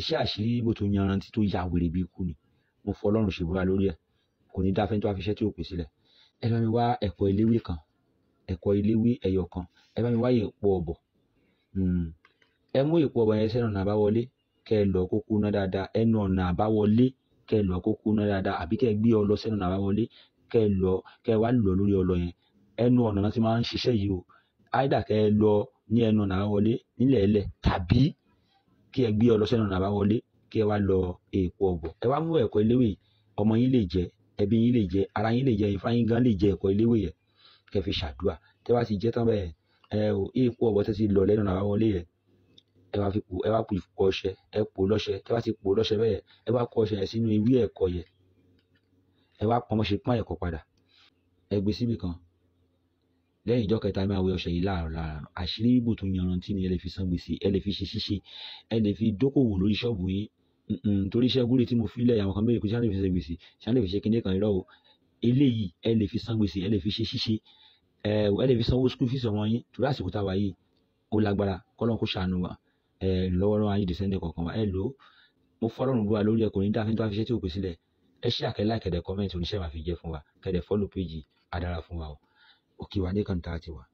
iṣẹ́ àṣírí bó tó yanrantí tó ya wèrè bí ikú ni mo fọ ọlọ́run ṣèbúra lórí ẹ̀ kò ní dáfẹ́ tó wá fi iṣẹ́ tí ò pè sílẹ̀ ẹ bá mi wá ẹ̀kọ́ eléwé kan ẹ̀kọ́ eléwé ẹ̀yọ̀ kan ẹ bá mi wá èèpo ọ̀bọ̀ hmm. ẹ mú èèpo ọ̀bọ̀ yẹn sẹ́nu ọ̀nà àbáwọlé kẹ́ ẹ lọ kókó ná dáadáa ẹnu ọ̀nà àbáwọlé kẹ́ ẹ lọ kókó ná dáadáa àbí kẹ́ gbé ọ lọ sẹ́nu ọ̀nà àbáwọlé kẹ́ ẹ lọ kẹ́ ẹ wá lọ lórí ọlọ yẹn ẹnu ọ̀nà náà ti máa ń ṣiṣẹ́ yìí o áìdà kẹ́ ẹ lọ ní ẹnu ọ̀nà àbáwọlé nílẹ̀ tàbí kí ẹ gbé ọ lọ sẹ́nu ọ̀nà àbáwọlé kí ẹ wá lọ èèpo ọ̀bọ̀ ẹ wá mú ẹ̀kọ́ eléwé ọmọ yín lè jẹ ẹbí yín lè jẹ ara yín lè jẹ ifá yín gan lè jẹ ẹ̀kọ́ eléwé yẹ kẹ fi ṣàdúrà tẹ wá sì jẹ tán bẹ́ẹ̀ ẹ o èèpo ọ̀bọ̀ tẹ ti lọ lẹ́nu ọ̀nà àbáwọlé yẹ ẹ wá fi po ẹ wá po ìfọkọ ọṣẹ ẹ po lọṣẹ tẹ wá ti po lọṣẹ bẹ́ẹ̀ ẹ wá kọ ọṣẹ yẹn sínú ewé ẹ̀kọ́ yẹ ẹ wá pọnmọṣe pọn ẹ̀kọ́ padà ẹ gbé síbì kan lẹ́yìn ìjọ kẹta máa wẹ ọṣẹ yìí láàárọ̀ láàárọ̀ àṣírí ibò tó yanrantí ni ẹ lè fi san gbèsè ẹ lè fi ṣe ṣíṣe ẹ lè fi dókòwò lórí ṣọ́ọ̀bù yín torí iṣẹ́ gúrì tí mo fi lẹ̀ àwọn kan méjì kò ṣáà lè fi ṣe gbèsè ṣáà lè fi ṣe kíní kan irọ́ o eléyìí ẹ lè fi san gbèsè ẹ lè fi ṣe ṣíṣe ẹ lè fi sanwó school fees ọmọ yín torí àsìkò táwa yìí ó lágbára kọ́lọ́n ṣàánú wa ẹ lọ́wọ́ lọ́wọ́ ayé dẹ̀sẹ́ndẹ̀ kọ̀ọ̀kan wa ẹ lò ó mo fọ́lọ́run búra lórí ẹ kò ní dáfín tó wá fi ṣe ukiwaandika nitaachiwa.